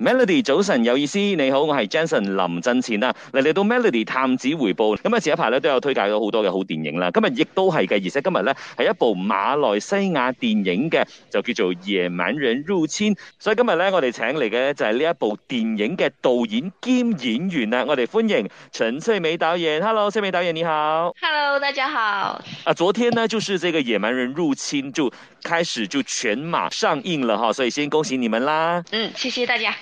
Melody，早晨有意思，你好，我係 Jenson 林振前啊。嚟嚟到 Melody 探子回報，咁啊前一排咧都有推介咗好多嘅好電影啦。今日亦都係嘅，而且今日咧係一部馬來西亞電影嘅，就叫做《野蠻人入侵》。所以今日咧我哋請嚟嘅就係呢一部電影嘅導演兼演員啊。我哋歡迎陳翠梅導演。Hello，翠梅導演你好。Hello，大家好。啊，昨天呢就是這個《野蠻人入侵》就開始就全馬上映了，所以先恭喜你們啦。嗯，謝謝大家。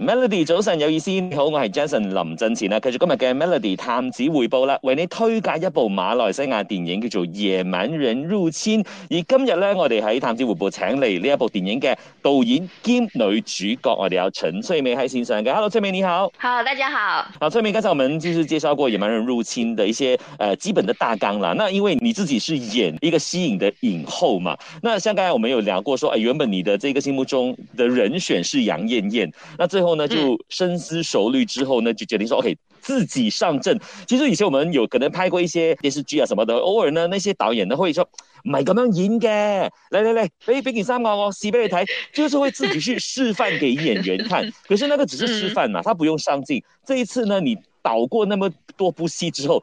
Melody，早晨有意思，你好，我係 Jason 林振前啦。繼續今日嘅 Melody 探子回報啦，為你推介一部馬來西亞電影叫做《野蠻人入侵》。而今日咧，我哋喺探子回報請嚟呢一部電影嘅導演兼女主角，我哋有陳翠梅喺線上嘅。Hello，翠梅你好。Hello 大家好。好翠梅，剛才我們就是介紹過《野蠻人入侵》的一些誒、呃、基本的大綱啦。那因為你自己是演一個息影的影后嘛，那像剛才我們有聊過說，說、呃、誒原本你的這個心目中的人選是楊雁雁，那最後。然後呢，就深思熟慮之後呢，就決定說，OK，自己上陣。其實以前我們有可能拍過一些電視劇啊什麼的，偶爾呢，那些導演呢會說，唔係咁樣演嘅，來來來，誒，俾件衫我，我試俾你睇，就是會自己去示範給演員看。可是那個只是示範嘛，他不用上鏡。這一次呢，你導過那麼多部戲之後。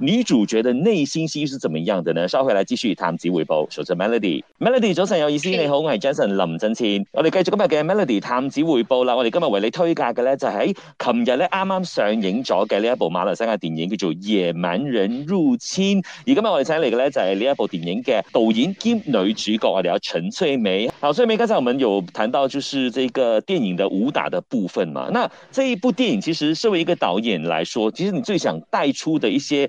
女主角的內心戲是怎麼樣的呢？稍後嚟繼續探子回報。首先 Melody，Melody 早晨有意思，你好，我係 Jason 林振謙。我哋繼續今日嘅 Melody 探子回報啦。我哋今日為你推介嘅咧，就喺琴日咧啱啱上映咗嘅呢一部馬來西亞電影，叫做《野蠻人入侵》。而今日我哋請嚟嘅咧就係、是、呢一部電影嘅導演兼女主角，我哋有陳翠梅。陳翠梅，剛才我們有談到，就是這個電影嘅武打的部分嘛。那這一部電影，其實身為一個導演來說，其實你最想帶出的一些